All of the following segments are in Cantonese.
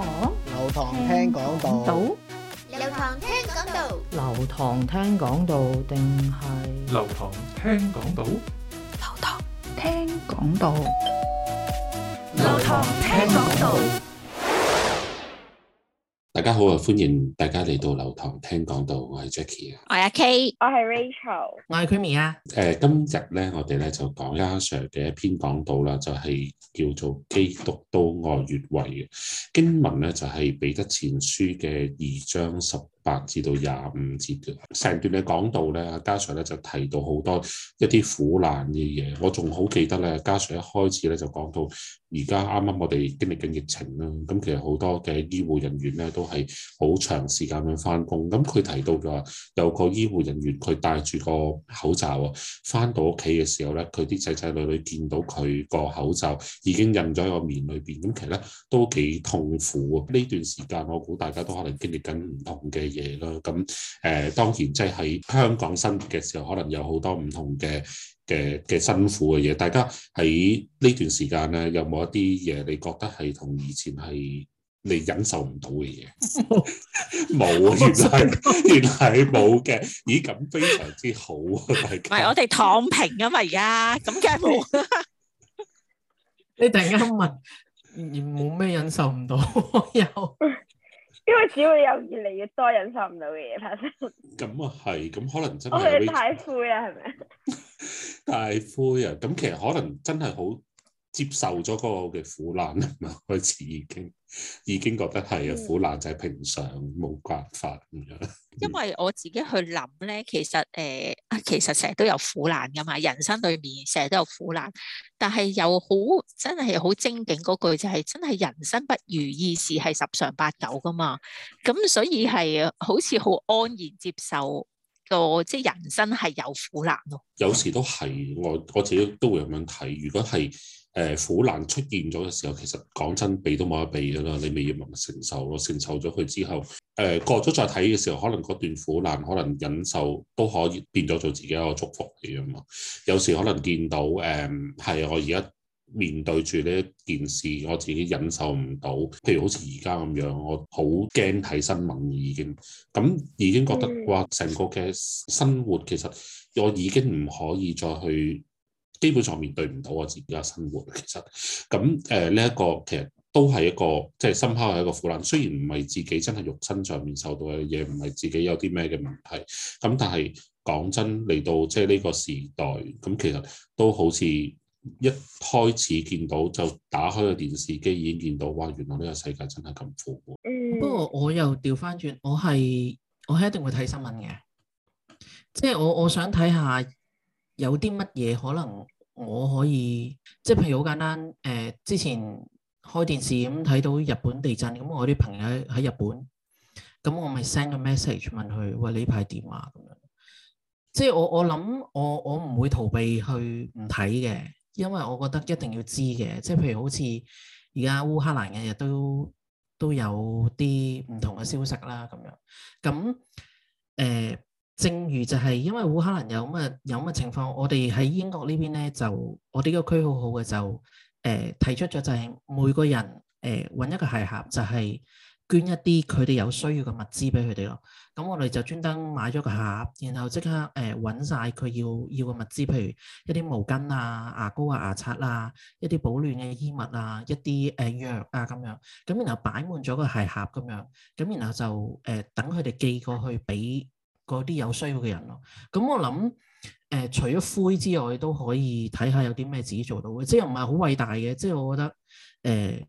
流、哦、堂聽講道，流堂聽講道，流堂聽講道定係，流堂聽講道，流堂聽講道，流堂聽講道。大家好啊！歡迎大家嚟到流堂聽講道，我係 Jacky 啊，我係是 K，我係 Rachel，我係 Kimi 啊。誒、呃，今日咧，我哋咧就講加上嘅一篇講道啦，就係、是、叫做《基督都愛越位》嘅經文咧，就係彼得前書嘅二章十。八至到廿五節嘅，成段嘅講道咧，嘉 Sir 咧就提到好多一啲苦難嘅嘢。我仲好記得咧，嘉 Sir 一開始咧就講到而家啱啱我哋經歷緊疫情啦。咁其實好多嘅醫護人員咧都係好長時間咁返工。咁佢提到咗有個醫護人員佢戴住個口罩啊，返到屋企嘅時候咧，佢啲仔仔女女見到佢個口罩已經印咗喺個面裏邊，咁其實呢都幾痛苦啊。呢段時間我估大家都可能經歷緊唔同嘅嘢。嘢啦，咁誒當然即係喺香港生活嘅時候，可能有好多唔同嘅嘅嘅辛苦嘅嘢。大家喺呢段時間咧，有冇一啲嘢你覺得係同以前係你忍受唔到嘅嘢？冇，原來係原來係冇嘅。咦，咁非常之好啊！唔係我哋躺平啊嘛，而家咁梗係冇啦。你突然間問，而冇咩忍受唔到有？因為只會有越嚟越多忍受唔到嘅嘢發生。咁啊係，咁可能真係我哋太灰啦，係咪？太灰啊！咁 其實可能真係好。接受咗嗰個嘅苦難啊嘛，開始已經已經覺得係啊苦難就係平常，冇辦法咁樣。嗯、因為我自己去諗咧，其實誒啊、呃，其實成日都有苦難噶嘛，人生裏面成日都有苦難。但係又好真係好精警嗰句就係、是、真係人生不如意事係十常八九噶嘛。咁所以係好似好安然接受、嗰個即係人生係有苦難咯。 有時都係我我自己都會咁樣睇，如果係。誒苦難出現咗嘅時候，其實講真避都冇得避㗎啦，你咪要承受咯。承受咗佢之後，誒過咗再睇嘅時候，可能嗰段苦難，可能忍受都可以變咗做自己一個祝福嚟啊嘛。有時可能見到誒，係、嗯、我而家面對住呢一件事，我自己忍受唔到。譬如好似而家咁樣，我好驚睇新聞已經，咁已經覺得、嗯、哇，成個嘅生活其實我已經唔可以再去。基本上面對唔到我自己嘅生活，其實咁誒呢一個其實都係一個即係深刻係一個苦難。雖然唔係自己真係肉身上面受到嘅嘢，唔係自己有啲咩嘅問題，咁但係講真嚟到即係呢個時代，咁其實都好似一開始見到就打開個電視機已經見到，哇！原來呢個世界真係咁苦。嗯。不過我又調翻轉，我係我係一定會睇新聞嘅，即係我我想睇下。有啲乜嘢可能我可以，即係譬如好簡單，誒、呃、之前開電視咁睇到日本地震，咁、嗯、我啲朋友喺日本，咁、嗯、我咪 send 個 message 問佢，喂，呢排點啊？咁樣，即係我我諗我我唔會逃避去唔睇嘅，因為我覺得一定要知嘅，即係譬如好似而家烏克蘭嘅日都都有啲唔同嘅消息啦，咁樣，咁誒。呃正如就係因為烏克蘭有咁嘅有咁嘅情況，我哋喺英國邊呢邊咧，就我哋個區好好嘅，就誒、呃、提出咗就係每個人誒揾、呃、一個鞋盒，就係捐一啲佢哋有需要嘅物資俾佢哋咯。咁我哋就專登買咗個盒，然後即刻誒揾晒佢要要嘅物資，譬如一啲毛巾啊、牙膏啊、牙刷啊、一啲保暖嘅衣物啊、一啲誒、呃、藥啊咁樣。咁然後擺滿咗個鞋盒咁樣，咁然後就誒、呃、等佢哋寄過去俾。嗰啲有需要嘅人咯，咁我諗誒、呃、除咗灰之外都可以睇下有啲咩自己做到嘅，即係唔係好偉大嘅，即係我覺得誒，呃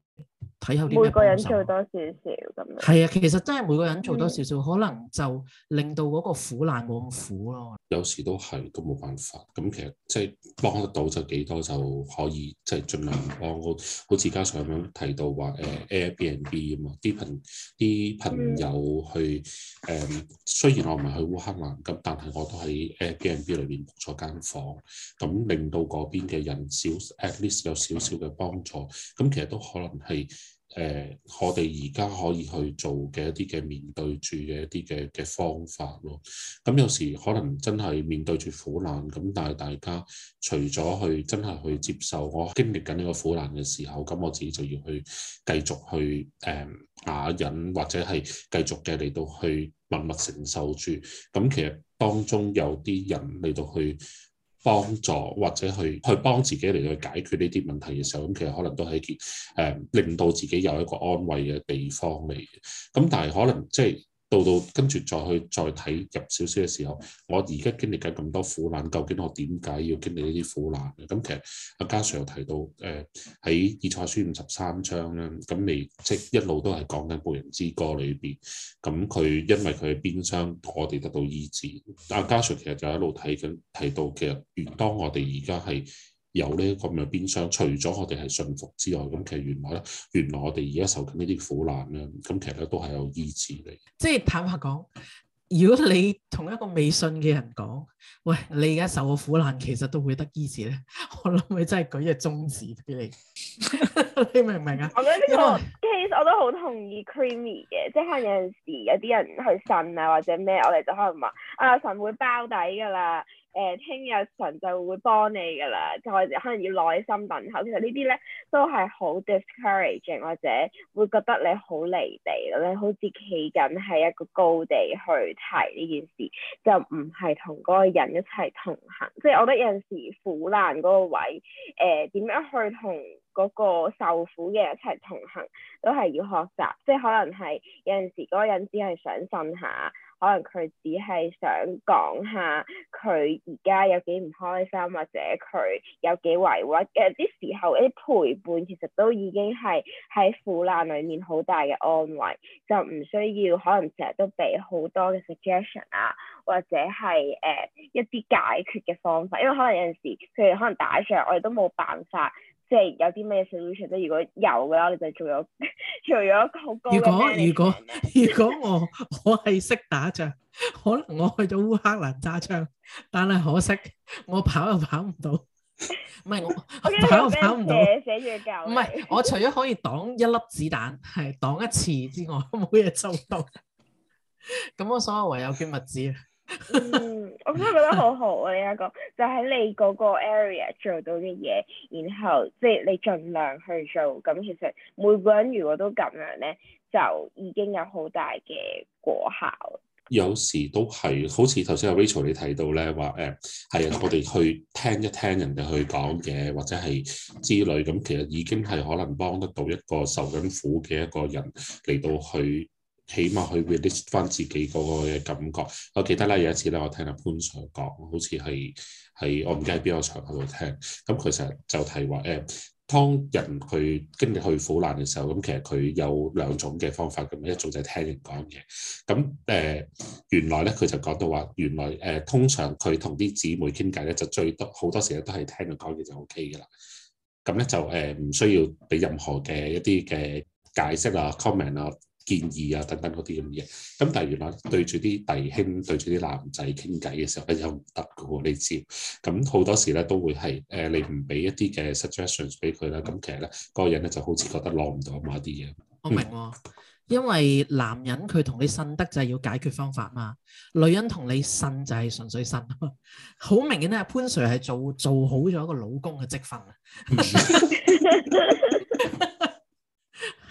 睇下每個人做多少少咁，係啊，其實真係每個人做多少少，嗯、可能就令到嗰個苦難冇咁苦咯。有時都係都冇辦法，咁其實即係、就是、幫得到就幾多就可以，即、就、係、是、盡量幫。好似嘉上咁樣提到話誒 Airbnb 啊嘛，啲朋啲朋友去誒，嗯、雖然我唔係去烏克蘭，咁但係我都喺 Airbnb 裏邊租咗間房，咁令到嗰邊嘅人少 at least 有少少嘅幫助，咁其實都可能係。誒、呃，我哋而家可以去做嘅一啲嘅面對住嘅一啲嘅嘅方法咯。咁有時可能真係面對住苦難，咁但係大家除咗去真係去接受我經歷緊呢個苦難嘅時候，咁我自己就要去繼續去誒啞忍，或者係繼續嘅嚟到去默默承受住。咁其實當中有啲人嚟到去。幫助或者去去幫自己嚟去解決呢啲問題嘅時候，咁其實可能都係一件誒、嗯、令到自己有一個安慰嘅地方嚟嘅。咁但係可能即係。到到跟住再去再睇入少少嘅時候，我而家經歷緊咁多苦難，究竟我點解要經歷呢啲苦難嘅？咁其實阿嘉尚又提到，誒、呃、喺《以賽書》五十三章咧，咁嚟即一路都係講緊《僕人之歌》裏邊，咁佢因為佢嘅鞭傷，我哋得到醫治。阿嘉尚其實就一路睇緊，提到其實越當我哋而家係。有呢咧，咁又變相，除咗我哋係信服之外，咁其實原來咧，原來我哋而家受緊呢啲苦難咧，咁其實都係有醫治嘅。即係坦白講，如果你同一個未信嘅人講，喂，你而家受個苦難，其實都會得醫治咧，我諗佢真係舉隻中指俾你， 你明唔明啊？我覺得呢個 case 為我都好同意 creamy 嘅，即係有陣時有啲人去信啊，或者咩，我哋就可能話啊，神會包底㗎啦。誒，聽日神就會幫你㗎啦，就可能要耐心等候。其實呢啲咧都係好 discouraging，或者會覺得你好離地，你好似企緊喺一個高地去睇呢件事，就唔係同嗰個人一齊同行。即係我覺得有陣時苦難嗰個位，誒、呃、點樣去同嗰個受苦嘅一齊同行，都係要學習。即係可能係有陣時嗰個人只係想呻下。可能佢只係想講下佢而家有幾唔開心，或者佢有幾委屈。誒，啲時候啲陪伴其實都已經係喺苦難裏面好大嘅安慰，就唔需要可能成日都俾好多嘅 suggestion 啊，或者係誒、呃、一啲解決嘅方法。因為可能有陣時佢哋可能打仗，我哋都冇辦法。即係有啲咩 solution 咧？如果有嘅話，你就做咗做咗一個好高如果如果如果我我係識打仗，可能我去到烏克蘭揸槍，但係可惜我跑又跑唔到。唔係我，我跑又跑唔到。 寫住舊。唔 係我，除咗可以擋一粒子彈係擋一次之外，都冇嘢收到。咁 我所有唯有捐物資啊。 嗯。我真係覺得好好啊！呢個，就喺你嗰個 area 做到嘅嘢，然後即係、就是、你盡量去做，咁其實每個人如果都咁樣咧，就已經有好大嘅果效。有時都係，好似頭先阿 Rachel 你提到咧話，誒係啊，呃、我哋去聽一聽人哋去講嘅，或者係之類，咁其實已經係可能幫得到一個受緊苦嘅一個人嚟到去。起碼去 release 翻自己個嘅感覺。我記得咧有一次咧，我聽阿潘 Sir 講，好似係係我唔記得喺邊個場嗰度聽。咁佢成日就提話誒、欸，當人佢經歷去苦難嘅時候，咁其實佢有兩種嘅方法，咁一種就係聽人講嘢。咁誒、呃、原來咧佢就講到話原來誒、呃、通常佢同啲姊妹傾偈咧，就最多好多時咧都係聽人講嘢就 O K 嘅啦。咁咧就誒唔、呃、需要俾任何嘅一啲嘅解釋啊 comment 啊。建議啊，等等嗰啲咁嘅嘢，咁但係原來對住啲弟兄，Yeah. 對住啲男仔傾偈嘅時候，咧又唔得㗎喎，你知，咁好多時咧都會係誒，你唔俾一啲嘅 suggestions 俾佢啦，咁、hmm. 其實咧，嗰個人咧就好似覺得攞唔到某啲嘢。我明喎，嗯、因為男人佢同你呻得就係要解決方法嘛，女人同你呻就係純粹呻。好明顯咧，潘 Sir 係做做好咗一個老公嘅積分啊，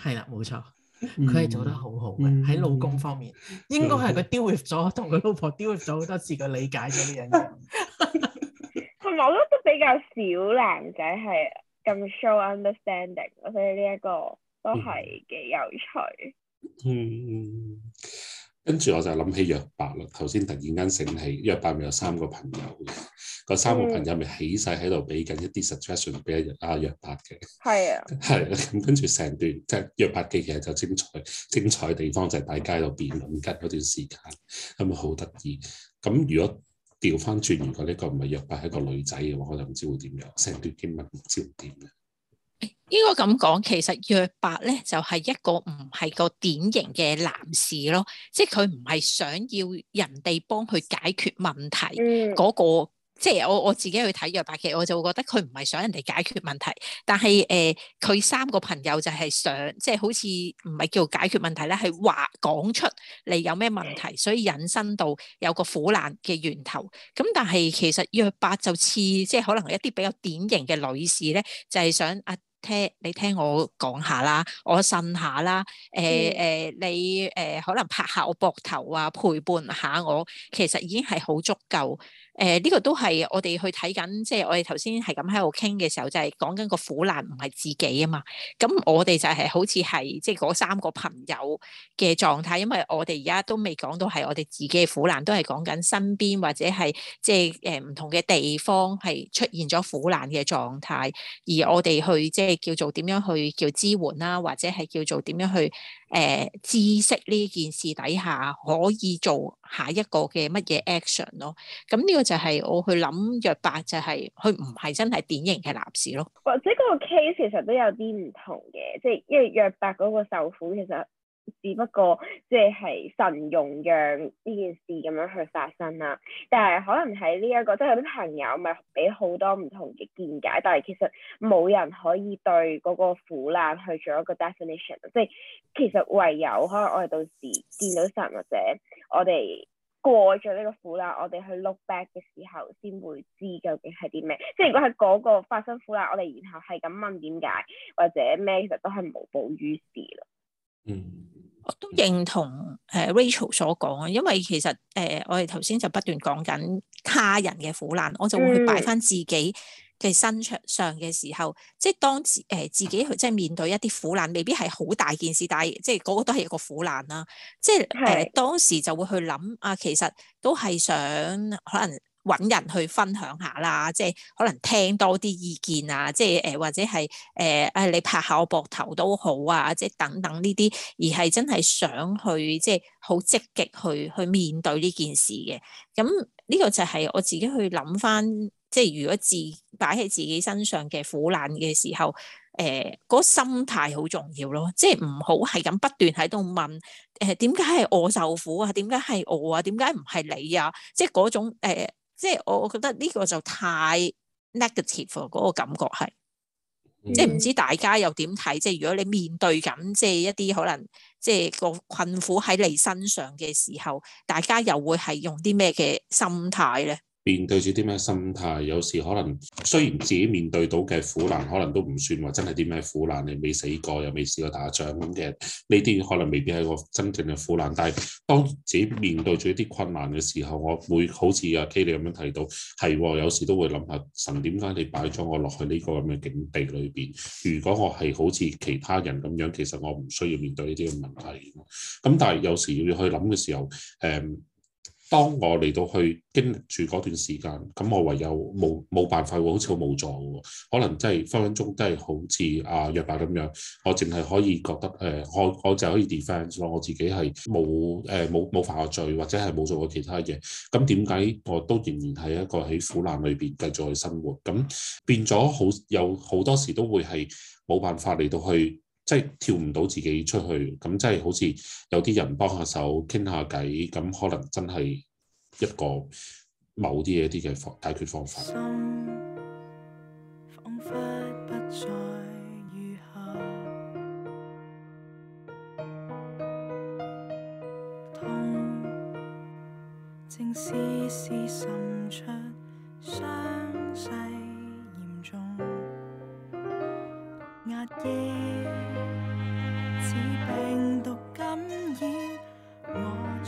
係啦，冇錯。佢係做得好好嘅，喺、嗯、老公方面，嗯、應該係佢 deal with 咗，同佢老婆 deal with 咗好多次，佢理解咗呢樣嘢。同埋，我覺得都比較少男仔係咁 show understanding 我，所以呢一個都係幾有趣嗯。嗯，跟住我就諗起約伯啦，頭先突然間醒起，約伯有、有三個朋友個三個朋友咪起晒喺度俾緊一啲 suggestion 俾阿阿約伯嘅，係啊，係咁跟住成段即係約伯嘅、 啊、其實就精彩精彩嘅地方就係大街度辯論緊嗰段時間，咁好得意。咁如果調翻轉，如果呢個唔係約伯係一個女仔嘅話，我就唔知會點樣。成段經文唔知點樣？應該咁講，其實約伯咧就係、是、一個唔係個典型嘅男士咯，即係佢唔係想要人哋幫佢解決問題嗰個、嗯。即係我我自己去睇約伯記，我就會覺得佢唔係想人哋解決問題，但係誒佢三個朋友就係想，即係好似唔係叫解決問題咧，係話講出嚟有咩問題，所以引申到有個苦難嘅源頭。咁但係其實約伯就似即係可能一啲比較典型嘅女士咧，就係想啊聽你聽我講下啦，我呻下啦，誒誒，嗯，誒你誒可能拍下我膊頭啊，陪伴下我，其實已經係好足夠。誒呢、呃這個都係我哋去睇緊，即、就、係、是、我哋頭先係咁喺度傾嘅時候，就係講緊個苦難唔係自己啊嘛。咁我哋就係好似係即係嗰三個朋友嘅狀態，因為我哋而家都未講到係我哋自己嘅苦難，都係講緊身邊或者係即係誒唔同嘅地方係出現咗苦難嘅狀態，而我哋去即係、就是、叫做點樣去叫支援啦，或者係叫做點樣去。誒、呃、知識呢件事底下可以做下一個嘅乜嘢 action 咯，咁呢個就係我去諗約伯，就係佢唔係真係典型嘅男士咯，或者嗰個 case 其實都有啲唔同嘅，即係因為約伯嗰個受苦其實。只不過即係神容讓呢件事咁樣去發生啦，但係可能喺呢一個即係有啲朋友咪俾好多唔同嘅見解，但係其實冇人可以對嗰個苦難去做一個 definition。即係其實唯有可能我哋到時見到神或者我哋過咗呢個苦難，我哋去 look back 嘅時候先會知究竟係啲咩。即係如果喺嗰個發生苦難，我哋然後係咁問點解或者咩，其實都係無補於事咯。嗯，mm hmm. 我都認同誒 Rachel 所講啊，因為其實誒、呃、我哋頭先就不斷講緊他人嘅苦難，我就會去擺翻自己嘅身上嘅時候，mm hmm. 即係當自誒、呃、自己去即係面對一啲苦難，未必係好大件事，但係即係嗰個都係一個苦難啦，即係誒、mm hmm. 呃、當時就會去諗啊，其實都係想可能。揾人去分享下啦，即係可能聽多啲意見啊，即係誒、呃、或者係誒，誒、呃、你拍下我膊頭都好啊，即係等等呢啲，而係真係想去即係好積極去去面對呢件事嘅。咁呢、這個就係我自己去諗翻，即係如果自擺喺自己身上嘅苦難嘅時候，誒、呃、那個心態好重要咯，即係唔好係咁不斷喺度問誒點解係我受苦啊？點解係我啊？點解唔係你啊？即係嗰種誒。呃即係我，我覺得呢個就太 negative 嗰個感覺係，即係唔知大家又點睇？即係如果你面對緊即係一啲可能即係個困苦喺你身上嘅時候，大家又會係用啲咩嘅心態咧？面對住啲咩心態？有時可能雖然自己面對到嘅苦難，可能都唔算話真係啲咩苦難。你未死過，又未試過打仗咁嘅，呢啲可能未必係個真正嘅苦難。但係當自己面對住一啲困難嘅時候，我會好似阿 K 你咁樣睇到，係有時都會諗下神點解你擺咗我落去呢個咁嘅境地裏邊？如果我係好似其他人咁樣，其實我唔需要面對呢啲嘅問題。咁但係有時要去諗嘅時候，誒、嗯。當我嚟到去經歷住嗰段時間，咁我唯有冇冇辦法喎，好似我冇助嘅喎，可能真係分分鐘都係好似啊約伯咁樣，我淨係可以覺得誒、呃，我我就可以 defend 咯，我自己係冇誒冇冇犯過罪，或者係冇做過其他嘢，咁點解我都仍然喺一個喺苦難裏邊繼續去生活？咁變咗好有好多時都會係冇辦法嚟到去。即係跳唔到自己出去，咁即係好似有啲人幫下手傾下偈，咁可能真係一個某啲嘢啲嘅解解決方法。嗯，方法不再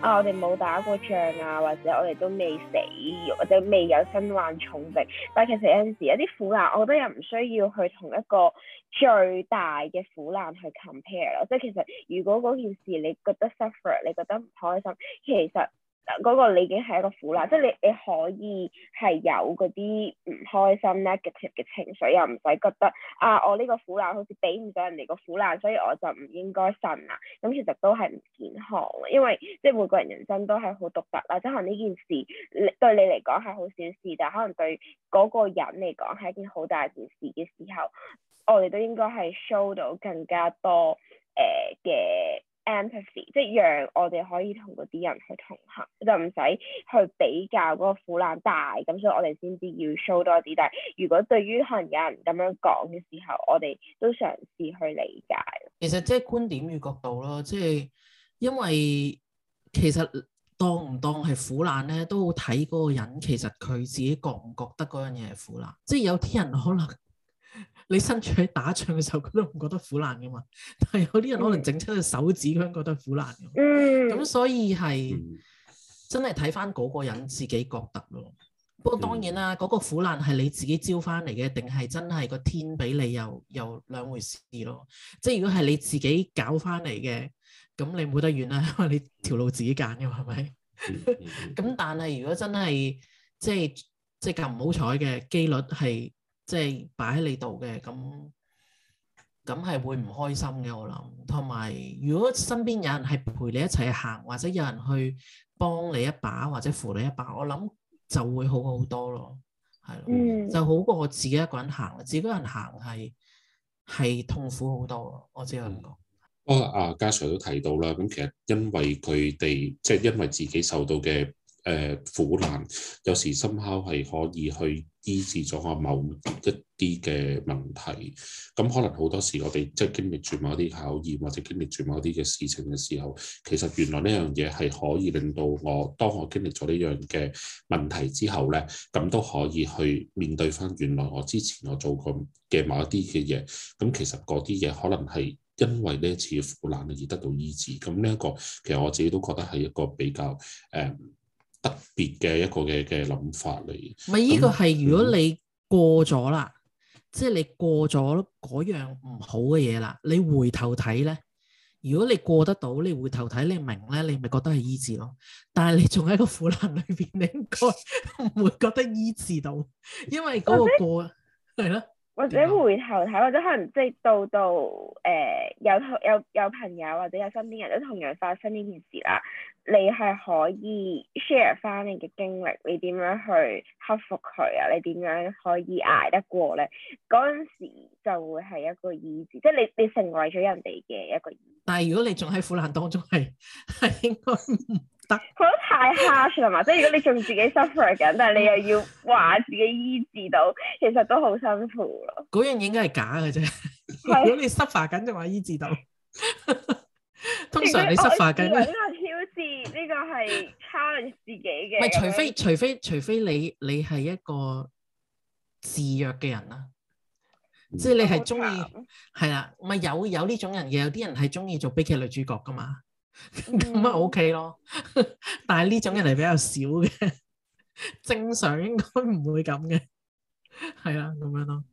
啊！我哋冇打過仗啊，或者我哋都未死，或者未有身患重病。但係其實有陣時一啲苦難，我覺得又唔需要去同一個最大嘅苦難去 compare 咯。即係其實，如果嗰件事你覺得 suffer，你覺得唔開心，其實～嗰個你已經係一個苦難，即係你你可以係有嗰啲唔開心、negative 嘅情緒，又唔使覺得啊，我呢個苦難好似比唔上人哋個苦難，所以我就唔應該信啦。咁、嗯、其實都係唔健康嘅，因為即係每個人人生都係好獨特啦。即係可能呢件事對你嚟講係好小事，但係可能對嗰個人嚟講係一件好大件事嘅時候，我哋都應該係 show 到更加多。即係讓我哋可以同嗰啲人去同行，就唔使去比較嗰個苦難大，咁所以我哋先至要 show 多啲。但係如果對於可能有人咁樣講嘅時候，我哋都嘗試去理解。其實即係觀點與角度咯，即係因為其實當唔當係苦難咧，都睇嗰個人其實佢自己覺唔覺得嗰樣嘢係苦難。即係有啲人可能。你身處喺打仗嘅時候，佢都唔覺得苦難嘅嘛。但係有啲人可能整出隻手指，佢都覺得苦難嘅。咁所以係真係睇翻嗰個人自己覺得咯。不過當然啦，嗰個苦難係你自己招翻嚟嘅，定係真係個天俾你又又兩回事咯。即係如果係你自己搞翻嚟嘅，咁你冇得怨啦，因為你條路自己揀嘅嘛，係咪？咁 但係如果真係即係即係咁唔好彩嘅機率係。即係擺喺你度嘅，咁咁係會唔開心嘅，我諗。同埋如果身邊有人係陪你一齊行，或者有人去幫你一把或者扶你一把，我諗就會好好多咯，係咯，就好過我自己一個人行。自己一個人行係係痛苦好多咯，我只可以咁講。不過阿嘉 Sir 都提到啦，咁其實因為佢哋即係因為自己受到嘅。誒、呃、苦難，有時心考係可以去醫治咗我某一啲嘅問題。咁可能好多時我哋即係經歷住某啲考驗或者經歷住某啲嘅事情嘅時候，其實原來呢樣嘢係可以令到我，當我經歷咗呢樣嘅問題之後呢，咁都可以去面對翻原來我之前我做過嘅某一啲嘅嘢。咁其實嗰啲嘢可能係因為呢一次苦難而得到醫治。咁呢一個其實我自己都覺得係一個比較誒、呃特別嘅一個嘅嘅諗法嚟，唔係，呢個係如果你過咗啦，那即係你過咗嗰樣唔好嘅嘢啦，你回頭睇咧，如果你過得到，你回頭睇你明咧，你咪覺得係醫治咯，但係你仲喺個苦難裏邊，你應該唔會覺得醫治到，因為嗰個過係咯。Okay. 或者回頭睇，或者可能即係到到誒、呃、有有有朋友或者有身邊人都同樣發生呢件事啦，你係可以 share 翻你嘅經歷，你點樣去克服佢啊？你點樣可以捱得過咧？嗰陣、嗯、時就會係一個意志，即係你你成為咗人哋嘅一個意。但係如果你仲喺苦難當中，係係應該。 得，覺行得太 harsh 啦嘛， 即係如果你仲自己 suffer 緊， 但係你又要話自己醫治到，其實都好辛苦咯。嗰樣嘢應該係假嘅啫。如果你 suffer 緊，仲話醫治到，通常你 suffer 緊呢個挑戰，呢個係 challenge 自己嘅。咪除非除非除非你你係一個自虐嘅人啦，即係你係中意係啦，咪有有呢種人嘅，有啲人係中意做悲劇女主角噶嘛。咁啊，O K 咯， 但係呢種人係比較少嘅， 正常應該唔會咁嘅，係 啊，咁樣咯。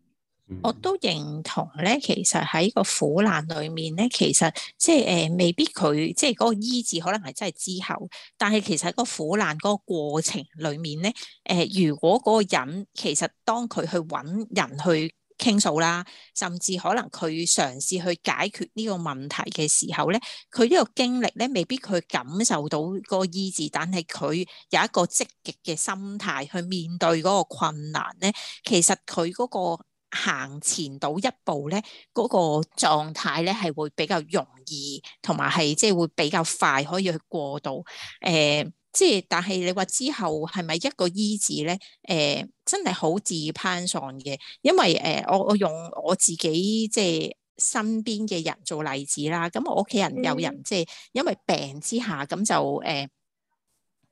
我都認同咧，其實喺個苦難裏面咧，其實即係誒，未必佢即係嗰個醫治可能係真係之後，但係其實喺個苦難嗰個過程裏面咧，誒、呃，如果嗰個人其實當佢去搵人去。傾訴啦，甚至可能佢嘗試去解決呢個問題嘅時候咧，佢呢個經歷咧，未必佢感受到個意志，但係佢有一個積極嘅心態去面對嗰個困難咧，其實佢嗰個行前到一步咧，嗰、嗰個狀態咧係會比較容易，同埋係即係會比較快可以去過到誒。呃即係，但係你話之後係咪一個醫治咧？誒、呃，真係好自攀上嘅，因為誒，我、呃、我用我自己即係、呃、身邊嘅人做例子啦。咁我屋企人有人即係、呃、因為病之下，咁就誒，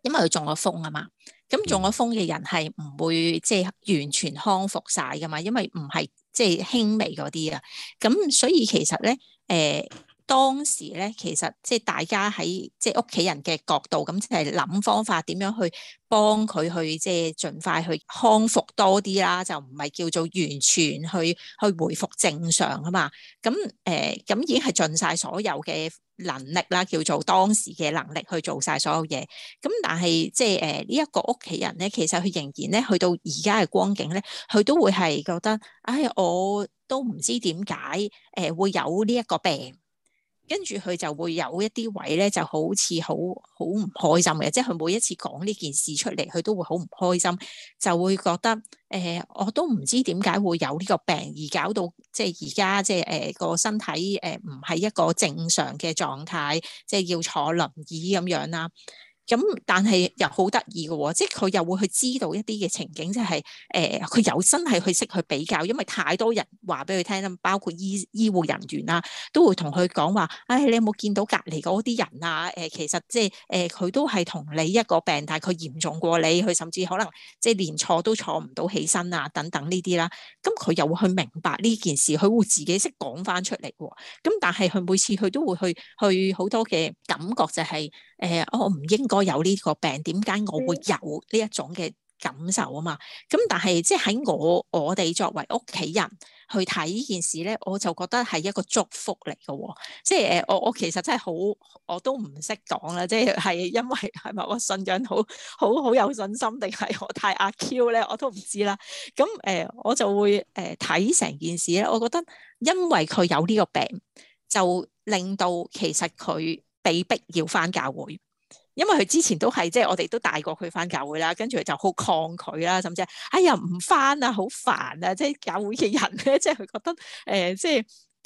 因為佢中咗風啊嘛。咁、嗯、中咗風嘅人係唔會即係、呃、完全康復晒噶嘛，因為唔係即係輕微嗰啲啊。咁所以其實咧，誒、呃。當時咧，其實即係大家喺即係屋企人嘅角度咁，係諗方法點樣去幫佢去即係盡快去康復多啲啦。就唔係叫做完全去去回復正常啊嘛。咁誒咁已經係盡晒所有嘅能力啦，叫做當時嘅能力去做晒所有嘢。咁但係即係誒呢一個屋企人咧，其實佢仍然咧去到而家嘅光景咧，佢都會係覺得唉、哎，我都唔知點解誒會有呢一個病。跟住佢就會有一啲位咧，就好似好好唔開心嘅，即係佢每一次講呢件事出嚟，佢都會好唔開心，就會覺得誒，我都唔知點解會有呢個病，而搞到即係而家即係誒個身體誒唔係一個正常嘅狀態，即係要坐輪椅咁樣啦。咁、嗯、但係又好得意嘅喎，即係佢又會去知道一啲嘅情景，即係誒佢有真係去識去比較，因為太多人話俾佢聽啦，包括醫醫護人員啊，都會同佢講話，唉、哎，你有冇見到隔離嗰啲人啊？誒、呃，其實即係誒，佢、呃、都係同你一個病，但佢嚴重過你，佢甚至可能即係連坐都坐唔到起身啊，等等呢啲啦。咁、嗯、佢又會去明白呢件事，佢會自己識講返出嚟、哦。咁、嗯、但係佢每次佢都會去去好多嘅感覺、就是，就係。誒、呃，我唔應該有呢個病，點解我會有呢一種嘅感受啊嘛？咁但係即係喺我我哋作為屋企人去睇呢件事咧，我就覺得係一個祝福嚟嘅喎。即係誒，我我其實真係好，我都唔識講啦。即係係因為係咪我信仰好好好有信心，定係我太阿 Q 咧？我都唔知啦。咁誒、呃，我就會誒睇成件事咧。我覺得因為佢有呢個病，就令到其實佢，被逼要翻教會，因為佢之前都係即係我哋都帶過佢翻教會啦，跟住佢就好抗拒啦，甚至係哎呀唔翻啊，好煩啊，即係教會嘅人咧，即係佢覺得誒，即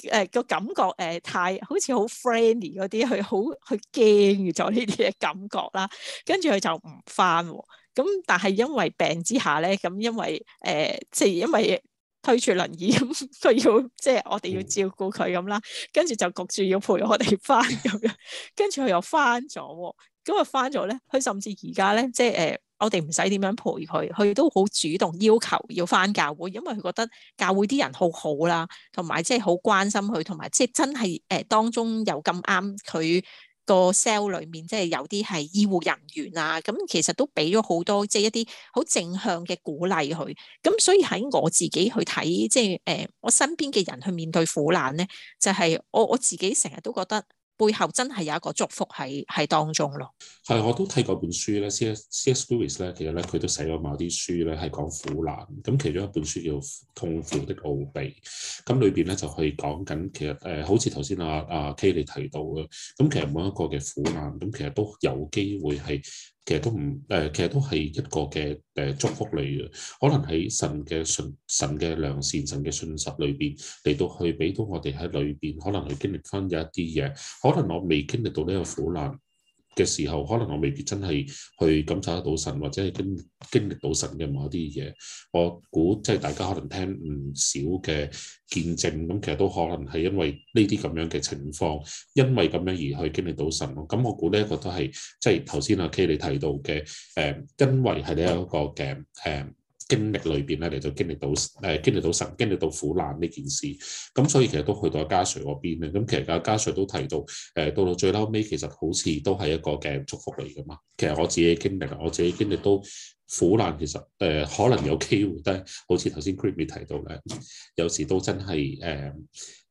係誒個感覺誒太好似好 friendly 嗰啲，佢好佢驚咗呢啲嘅感覺啦，跟住佢就唔翻。咁但係因為病之下咧，咁因為誒即係因為。呃即推住輪椅咁，佢 要即係我哋要照顧佢咁啦，跟住就焗住要陪我哋翻咁樣，跟住佢又翻咗喎。咁啊翻咗咧，佢甚至而家咧，即係誒、呃，我哋唔使點樣陪佢，佢都好主動要求要翻教會，因為佢覺得教會啲人好好啦，同埋即係好關心佢，同埋即係真係誒、呃、當中有咁啱佢。個 sell 裏面即係有啲係醫護人員啊，咁其實都俾咗好多即係一啲好正向嘅鼓勵佢，咁、嗯、所以喺我自己去睇，即係誒、呃、我身邊嘅人去面對苦難咧，就係、是、我我自己成日都覺得。背後真係有一個祝福喺喺當中咯，係我都睇過本書咧，C S C S Lewis 咧，其實咧佢都寫過某啲書咧，係講苦難。咁其中一本書叫《痛苦的奧秘》，咁裏邊咧就係講緊，其實誒、呃，好似頭先阿阿 K 你提到嘅，咁其實每一個嘅苦難，咁其實都有機會係。其實都唔，誒，其實都係一個嘅誒祝福嚟嘅，可能喺神嘅信，神嘅良善，神嘅信實裏邊嚟到去俾到我哋喺裏邊，可能去經歷翻有一啲嘢，可能我未經歷到呢個苦難嘅時候，可能我未必真係去感受得到神，或者係經歷經歷到神嘅某一啲嘢。我估即係大家可能聽唔少嘅見證，咁其實都可能係因為呢啲咁樣嘅情況，因為咁樣而去經歷到神咯。咁我估呢個都係即係頭先阿 K 你提到嘅誒、嗯，因為係你有一個嘅誒。嗯經歷裏邊咧，嚟到經歷到誒、呃、經歷到神經歷到苦難呢件事，咁所以其實都去到阿加瑞嗰邊咧。咁其實阿加瑞都提到誒、呃，到到最後尾，其實好似都係一個嘅祝福嚟噶嘛。其實我自己經歷，我自己經歷都苦難，其實誒、呃、可能有機會，但係好似頭先 c r i m y 提到咧，有時都真係誒、呃、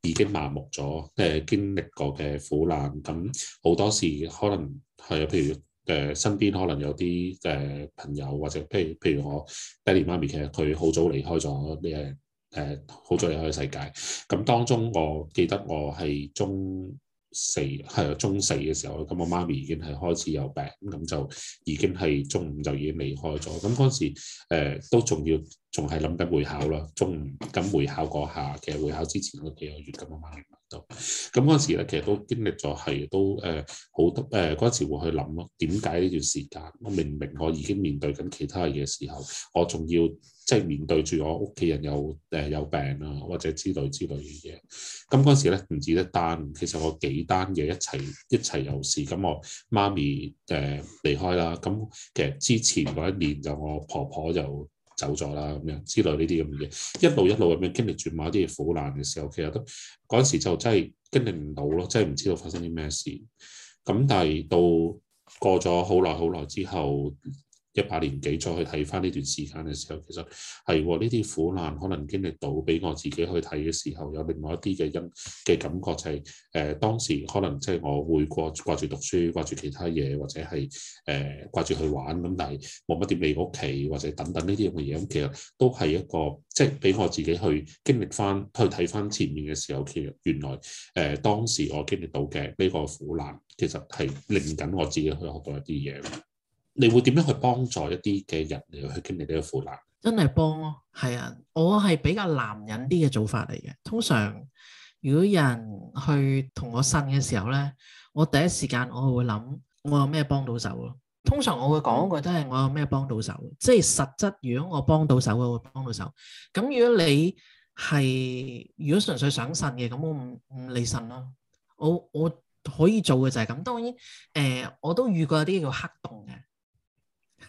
已經麻木咗誒經歷過嘅苦難，咁好多時可能係譬如。誒、呃、身邊可能有啲誒、呃、朋友，或者譬如譬如我爹哋媽咪，其實佢好早離開咗啲誒誒好早離開世界，咁當中我記得我係中四係中四嘅時候，咁我媽咪已經係開始有病，咁就已經係中五就已經離開咗，咁嗰時誒、呃、都仲要。仲係諗緊會考啦，仲唔緊會考嗰下？其實會考之前嗰幾個月咁啊，咁樣到咁嗰時咧，其實都經歷咗係都誒、呃、好多誒嗰陣時會去諗咯。點解呢段時間我明明我已經面對緊其他嘢時候，我仲要即係、就是、面對住我屋企人又誒、呃、有病啊，或者之類之類嘅嘢。咁嗰時咧唔止一單，其實我幾單嘢一齊一齊有事。咁我媽咪誒、呃、離開啦。咁其實之前嗰一年就我婆婆就。走咗啦，咁樣之類呢啲咁嘅嘢，一路一路咁樣經歷住某啲嘢苦難嘅時候，其實都嗰陣時就真係經歷唔到咯，真係唔知道發生啲咩事。咁但係到過咗好耐好耐之後。一百再去睇翻呢段時間嘅時候，其實係呢啲苦難可能經歷到，俾我自己去睇嘅時候，有另外一啲嘅因嘅感覺就係、是，誒、呃、當時可能即係我會過掛住讀書、掛住其他嘢，或者係誒掛住去玩咁，但係冇乜點理屋企或者等等呢啲咁嘅嘢。咁其實都係一個即係俾我自己去經歷翻去睇翻前面嘅時候，其實原來誒、呃、當時我經歷到嘅呢個苦難，其實係令緊我自己去學到一啲嘢。你會點樣去幫助一啲嘅人嚟去經歷呢個苦難？真係幫咯，啊，係啊，我係比較男人啲嘅做法嚟嘅。通常如果有人去同我呻嘅時候咧，我第一時間我會諗我有咩幫到手咯。通常我會講句都係我有咩幫到手，即係實質。如果我幫到手嘅會幫到手。咁如果你係如果純粹想呻嘅，咁我唔唔理呻咯。我我可以做嘅就係咁。當然誒、呃，我都遇過一啲叫黑洞嘅。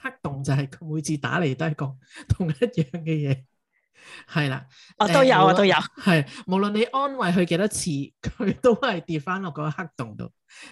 黑洞就係佢每次打嚟都係講同一樣嘅嘢，係啦，我、哦嗯、都有、啊、我都有，係無論你安慰佢幾多次，佢都係跌翻落嗰個黑洞度。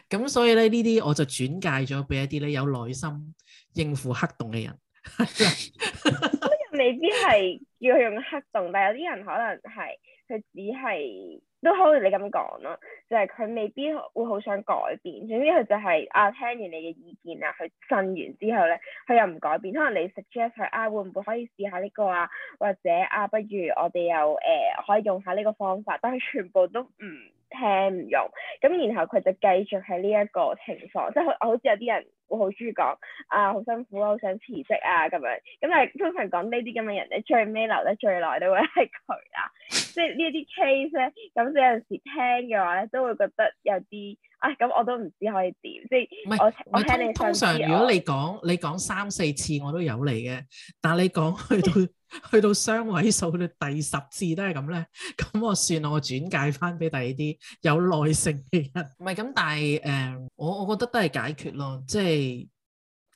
咁所以咧呢啲我就轉介咗俾一啲咧有耐心應付黑洞嘅人。 都未必係要用黑洞，但係有啲人可能係佢只係。都好似你咁講咯，就係、是、佢未必會好想改變，總之佢就係、是、啊聽完你嘅意見啊，佢呻完之後咧，佢又唔改變，可能你 suggest 佢啊會唔會可以試下呢個啊，或者啊不如我哋又誒、呃、可以用下呢個方法，但係全部都唔聽唔用，咁然後佢就繼續喺呢一個情況，即係好好似有啲人會好中意講啊好辛苦啊，好想辭職啊咁樣，咁但係通常講呢啲咁嘅人咧，最尾留得最耐都會係佢啊。即係呢啲 case 咧，咁所以有陣時聽嘅話咧，都會覺得有啲啊，咁我都唔知可以點。即係我我聽你首先，通常如果你講你講三四次我都有嚟嘅，但係你講去到去到雙位數嘅第十次都係咁咧，咁我算我轉介翻俾第二啲有耐性嘅人。唔係咁，但係誒，uh, 我我覺得都係解決咯，即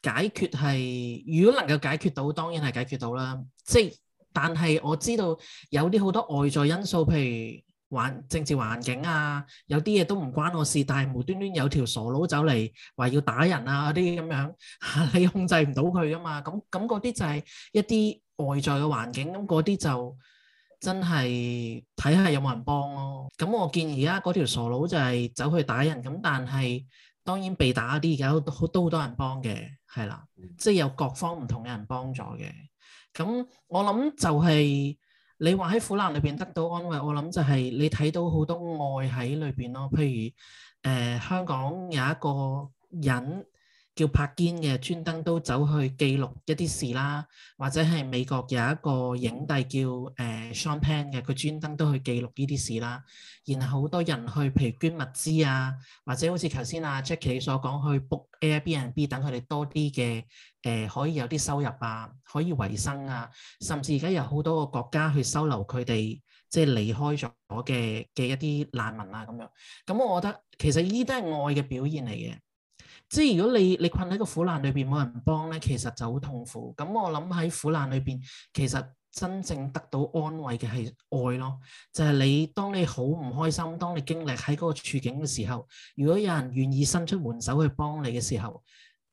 係解決係，如果能夠解決到，當然係解決到啦，即係。但係我知道有啲好多外在因素，譬如環政治環境啊，有啲嘢都唔關我事。但係無端端有條傻佬走嚟話要打人啊嗰啲咁樣，你 控制唔到佢噶嘛？咁咁嗰啲就係一啲外在嘅環境，咁嗰啲就真係睇下有冇人幫咯啊。咁我見而家嗰條傻佬就係走去打人，咁但係當然被打啲而家都好都好多人幫嘅，係啦，即係有各方唔同嘅人幫咗嘅。咁、嗯、我諗就係你話喺苦難裏邊得到安慰，我諗就係你睇到好多愛喺裏邊咯、哦，譬如誒、呃、香港有一個人。叫拍肩嘅，專登都走去記錄一啲事啦，或者係美國有一個影帝叫誒 Sean Penn 嘅，佢專登都去記錄呢啲事啦。然後好多人去，譬如捐物資啊，或者好似頭先阿、啊、Jackie 所講去 book Airbnb 等佢哋多啲嘅誒，可以有啲收入啊，可以維生啊。甚至而家有好多個國家去收留佢哋，即係離開咗嘅嘅一啲難民啊咁樣。咁、嗯、我覺得其實呢啲都係愛嘅表現嚟嘅。即係如果你你困喺個苦難裏邊冇人幫咧，其實就好痛苦。咁我諗喺苦難裏邊，其實真正得到安慰嘅係愛咯。就係、是、你當你好唔開心，當你經歷喺嗰個處境嘅時候，如果有人願意伸出援手去幫你嘅時候，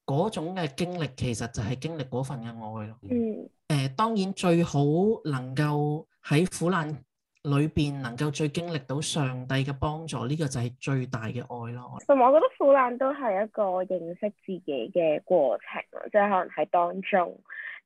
嗰種嘅經歷其實就係經歷嗰份嘅愛咯。嗯。誒、呃，當然最好能夠喺苦難。裏邊能夠最經歷到上帝嘅幫助，呢、這個就係最大嘅愛咯。同埋我覺得苦難都係一個認識自己嘅過程咯，即、就、係、是、可能喺當中，誒、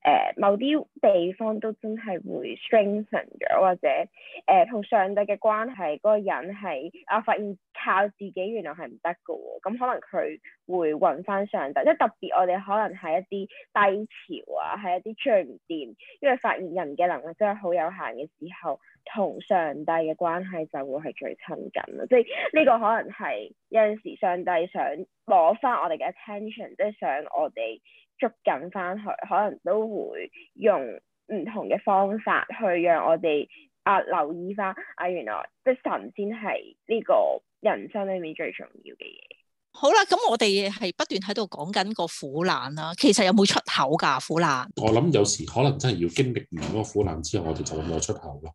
呃、某啲地方都真係會 strengthen 咗，或者誒同、呃、上帝嘅關係，嗰、那個人係啊發現靠自己原來係唔得嘅喎，咁可能佢會揾返上帝。即係特別我哋可能係一啲低潮啊，係一啲出嚟唔掂，因為發現人嘅能力真係好有限嘅時候。同上帝嘅關係就會係最親近啦，即係呢個可能係有陣時上帝想攞翻我哋嘅 attention，即係想我哋捉緊翻佢，可能都會用唔同嘅方法去讓我哋啊留意翻，啊原來即係神先係呢個人生裏面最重要嘅嘢。好啦，咁我哋係不斷喺度講緊個苦難啦，其實有冇出口噶苦難？我諗有時可能真係要經歷完嗰個苦難之後，我哋就會有出口咯。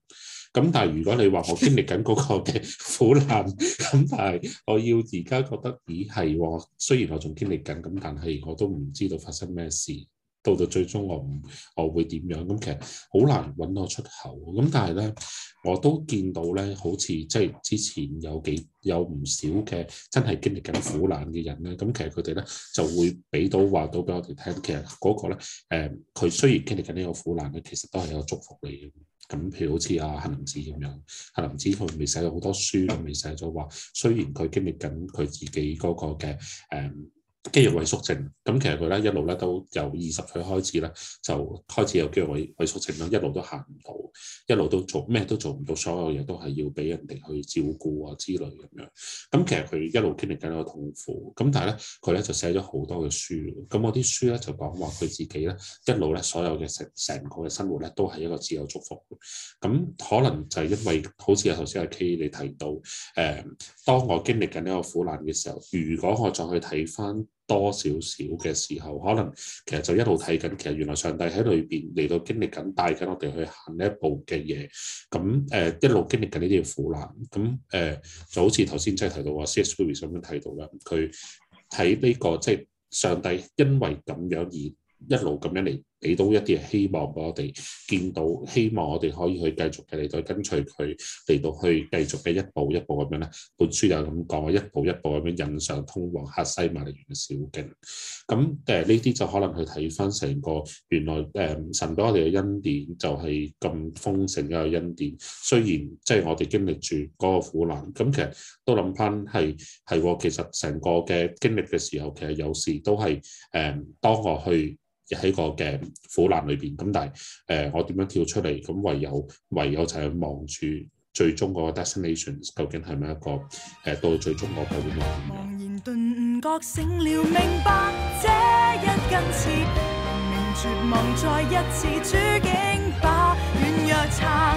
咁但係如果你話我經歷緊嗰個嘅苦難，咁 但係我要而家覺得咦係喎，雖然我仲經歷緊，咁但係我都唔知道發生咩事。到到最終我唔我會點樣，咁其實好難揾到出口咁，但係咧我都見到咧，好似即係之前有幾有唔少嘅真係經歷緊苦難嘅人咧，咁其實佢哋咧就會俾到話到俾我哋聽，其實嗰個咧誒，佢、呃、雖然經歷緊呢個苦難咧，其實都係有祝福你嘅。咁譬如好似阿杏林子咁樣，杏林子佢未寫咗好多書，佢未寫咗話，雖然佢經歷緊佢自己嗰個嘅誒。呃肌肉萎縮症，咁其實佢咧一路咧都由二十歲開始咧，就開始有肌肉萎萎縮症啦，一路都行唔到，一路都做咩都做唔到，所有嘢都係要俾人哋去照顧啊之類咁樣。咁其實佢一路經歷緊一個痛苦，咁但係咧佢咧就寫咗好多嘅書。咁我啲書咧就講話佢自己咧一路咧所有嘅成成個嘅生活咧都係一個自由祝福。咁可能就係因為好似頭先阿 K 你提到，誒、嗯，當我經歷緊呢個苦難嘅時候，如果我再去睇返，多少少嘅時候，可能其實就一路睇緊，其實原來上帝喺裏邊嚟到，經歷緊，帶緊我哋去行呢一步嘅嘢。咁誒、呃，一路經歷緊呢啲嘅苦難。咁誒、呃，就好似頭先即係提到話，C.S. Lewis 上面提到啦，佢睇呢個即係、就是、上帝因為咁樣而一路咁樣嚟。俾到一啲希望，俾我哋見到，希望我哋可以去繼續嘅嚟到跟隨佢嚟到去繼續嘅一步一步咁樣咧。呢本書就係咁講，一步一步咁樣印上通往客西馬尼園嘅小徑。咁誒呢啲就可能去睇翻成個原來誒、呃、神俾我哋嘅恩典就係咁豐盛嘅恩典。雖然即係我哋經歷住嗰個苦難，咁其實都諗翻係係，其實成個嘅經歷嘅時候，其實有時都係誒、呃、當我去。喺個嘅苦難裏邊，咁但係誒、呃，我點樣跳出嚟？咁唯有唯有就係望住最終嗰個 destination 究竟係咪一個誒、呃，到最終我究竟係點樣。